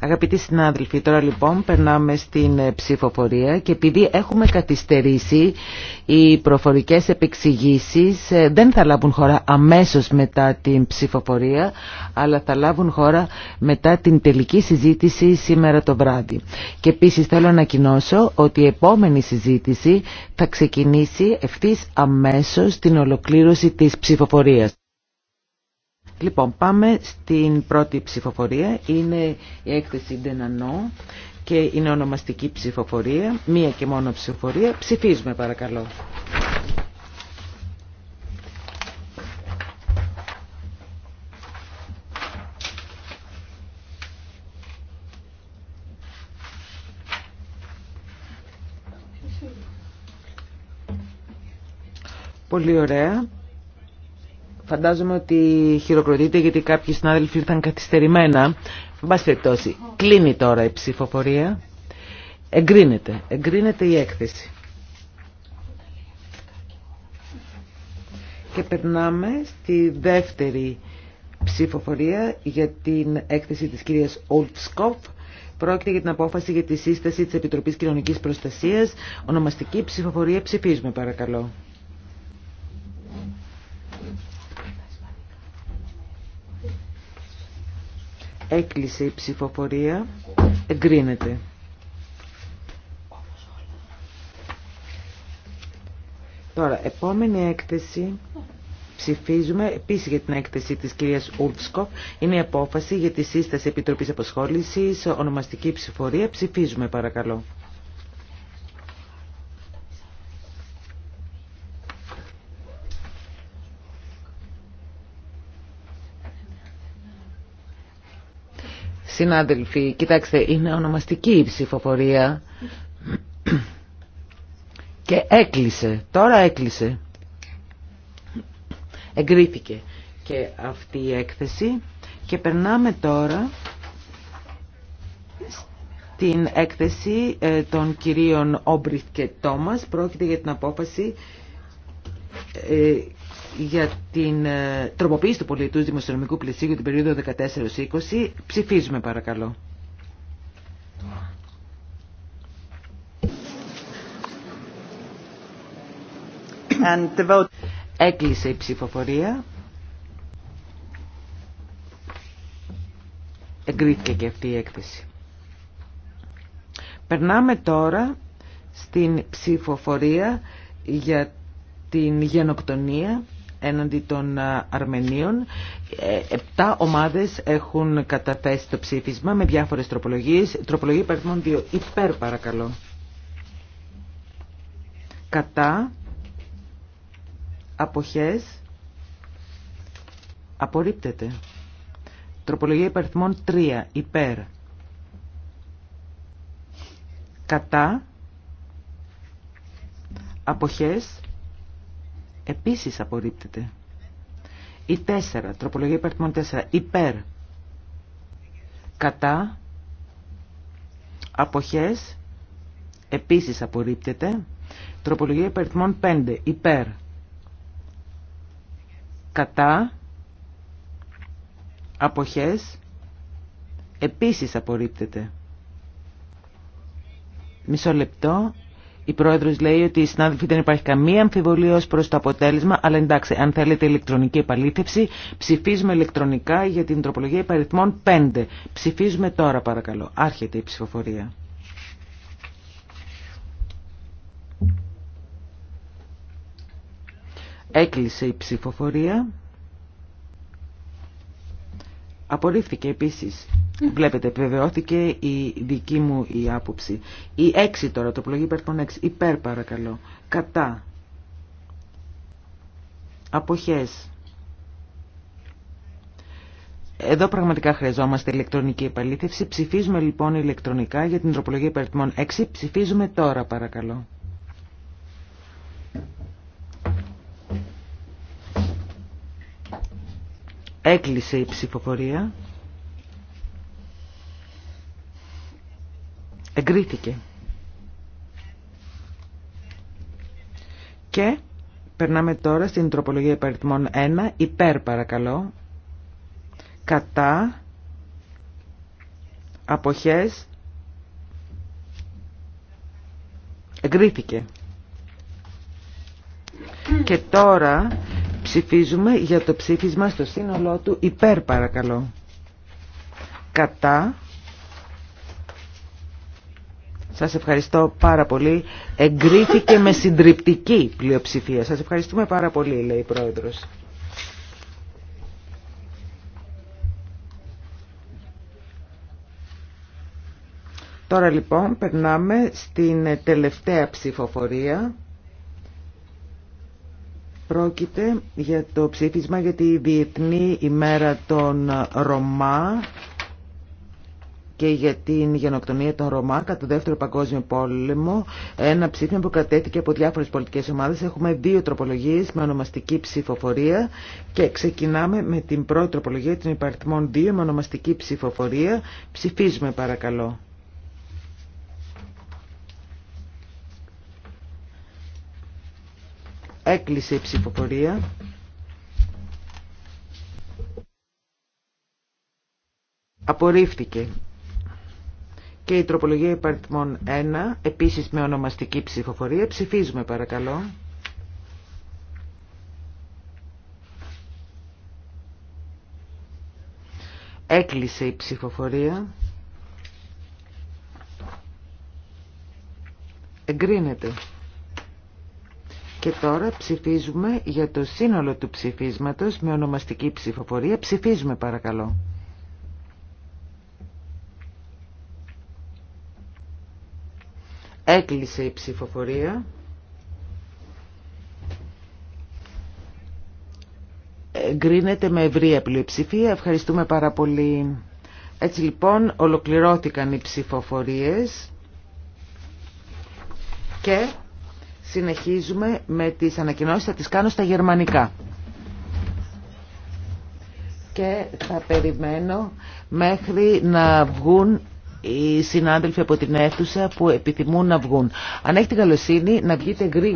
Αγαπητοί συνάδελφοι, τώρα λοιπόν περνάμε στην ε, ψηφοφορία και επειδή έχουμε καθυστερήσει οι προφορικές επεξηγήσεις ε, δεν θα λάβουν χώρα αμέσως μετά την ψηφοφορία αλλά θα λάβουν χώρα μετά την τελική συζήτηση σήμερα το βράδυ. Και επίσης θέλω να ανακοινώσω ότι η επόμενη συζήτηση θα ξεκινήσει ευθύ αμέσως την ολοκλήρωση της ψηφοφορίας. Λοιπόν, πάμε στην πρώτη ψηφοφορία. Είναι η έκθεση Ντενανό και είναι ονομαστική ψηφοφορία. Μία και μόνο ψηφοφορία. Ψηφίζουμε παρακαλώ. Πολύ ωραία. Φαντάζομαι ότι χειροκροτείτε γιατί κάποιοι συνάδελφοι ήρθαν καθυστερημένα. Μπα περιπτώσει, κλείνει τώρα η ψηφοφορία. Εγκρίνεται. Εγκρίνεται η έκθεση. Και περνάμε στη δεύτερη ψηφοφορία για την έκθεση της κυρίας Ολτσκοφ. Πρόκειται για την απόφαση για τη σύσταση της Επιτροπής Κοινωνικής Προστασίας. Ονομαστική ψηφοφορία ψηφίζουμε παρακαλώ. Έκλεισε η ψηφοφορία. Εγκρίνεται. Τώρα, επόμενη έκθεση ψηφίζουμε επίσης για την έκθεση της κυρίας Ουλφσκοφ. Είναι η απόφαση για τη σύσταση Επιτροπής Αποσχόλησης, ονομαστική ψηφορία. Ψηφίζουμε παρακαλώ. Συνάδελφοι, κοιτάξτε, είναι ονομαστική η ψηφοφορία και έκλεισε, τώρα έκλεισε. Εγκρίθηκε και αυτή η έκθεση και περνάμε τώρα την έκθεση ε, των κυρίων Όμπριθ και Τόμας. Πρόκειται για την απόφαση ε, για την ε, τροποποίηση του πολιτού δημοσιονομικού πλαισίου για την περίοδο 14-20. Ψηφίζουμε παρακαλώ. Έκλεισε η ψηφοφορία. Εγκρίθηκε και αυτή η έκθεση. Περνάμε τώρα στην ψηφοφορία για την γενοκτονία έναντι των Αρμενίων. Ε, επτά ομάδες έχουν καταθέσει το ψήφισμα με διάφορες τροπολογίες. Τροπολογία υπερθμών 2. Υπέρ παρακαλώ. Κατά. Αποχές. Απορρίπτεται. Τροπολογία υπαριθμών 3. Υπέρ. Κατά. Αποχές Επίσης απορρίπτεται. Η 4, τροπολογία υπαρτημών 4, υπέρ. Κατά. Αποχές. Επίσης απορρίπτεται. Τροπολογία υπαρτημών 5, υπέρ. Κατά. Αποχές. Επίσης απορρίπτεται. Μισό λεπτό. Η πρόεδρος λέει ότι οι συνάδελφοι δεν υπάρχει καμία αμφιβολία ως προς το αποτέλεσμα, αλλά εντάξει, αν θέλετε ηλεκτρονική επαλήθευση, ψηφίζουμε ηλεκτρονικά για την τροπολογία υπαριθμών 5. Ψηφίζουμε τώρα παρακαλώ. Άρχεται η ψηφοφορία. Έκλεισε η ψηφοφορία. Απορρίφθηκε επίσης. Ναι. Βλέπετε, επιβεβαιώθηκε η δική μου η άποψη. Η 6 τώρα, το πλογή υπέρ 6. Υπέρ παρακαλώ. Κατά. Αποχές. Εδώ πραγματικά χρειαζόμαστε ηλεκτρονική επαλήθευση. Ψηφίζουμε λοιπόν ηλεκτρονικά για την τροπολογία υπερτιμών 6. Ψηφίζουμε τώρα παρακαλώ. Έκλεισε η ψηφοφορία. Εγκρίθηκε. Και περνάμε τώρα στην τροπολογία υπαριθμών 1. Υπέρ παρακαλώ. Κατά. Αποχές. Εγκρίθηκε. Και τώρα Ψηφίζουμε για το ψήφισμα στο σύνολό του υπέρ παρακαλώ. Κατά. Σας ευχαριστώ πάρα πολύ. Εγκρίθηκε με συντριπτική πλειοψηφία. Σας ευχαριστούμε πάρα πολύ, λέει η Πρόεδρος. Τώρα λοιπόν περνάμε στην τελευταία ψηφοφορία. Πρόκειται για το ψήφισμα για τη Διεθνή ημέρα των Ρωμά και για την γενοκτονία των Ρωμά κατά το Δεύτερο Παγκόσμιο Πόλεμο. Ένα ψήφισμα που κατέθηκε από διάφορες πολιτικές ομάδες. Έχουμε δύο τροπολογίες με ονομαστική ψηφοφορία και ξεκινάμε με την πρώτη τροπολογία, την υπαριθμών 2 με ονομαστική ψηφοφορία. Ψηφίζουμε παρακαλώ. Έκλεισε η ψηφοφορία. Απορρίφθηκε. Και η τροπολογία υπαρτιμών 1, επίσης με ονομαστική ψηφοφορία. Ψηφίζουμε παρακαλώ. Έκλεισε η ψηφοφορία. Εγκρίνεται. Και τώρα ψηφίζουμε για το σύνολο του ψηφίσματος με ονομαστική ψηφοφορία. Ψηφίζουμε παρακαλώ. Έκλεισε η ψηφοφορία. Γκρίνεται με ευρία πλειοψηφία. Ευχαριστούμε πάρα πολύ. Έτσι λοιπόν ολοκληρώθηκαν οι ψηφοφορίες και Συνεχίζουμε με τις ανακοινώσεις, θα τις κάνω στα γερμανικά. Και θα περιμένω μέχρι να βγουν οι συνάδελφοι από την αίθουσα που επιθυμούν να βγουν. Αν έχετε καλοσύνη να βγείτε γρήγορα.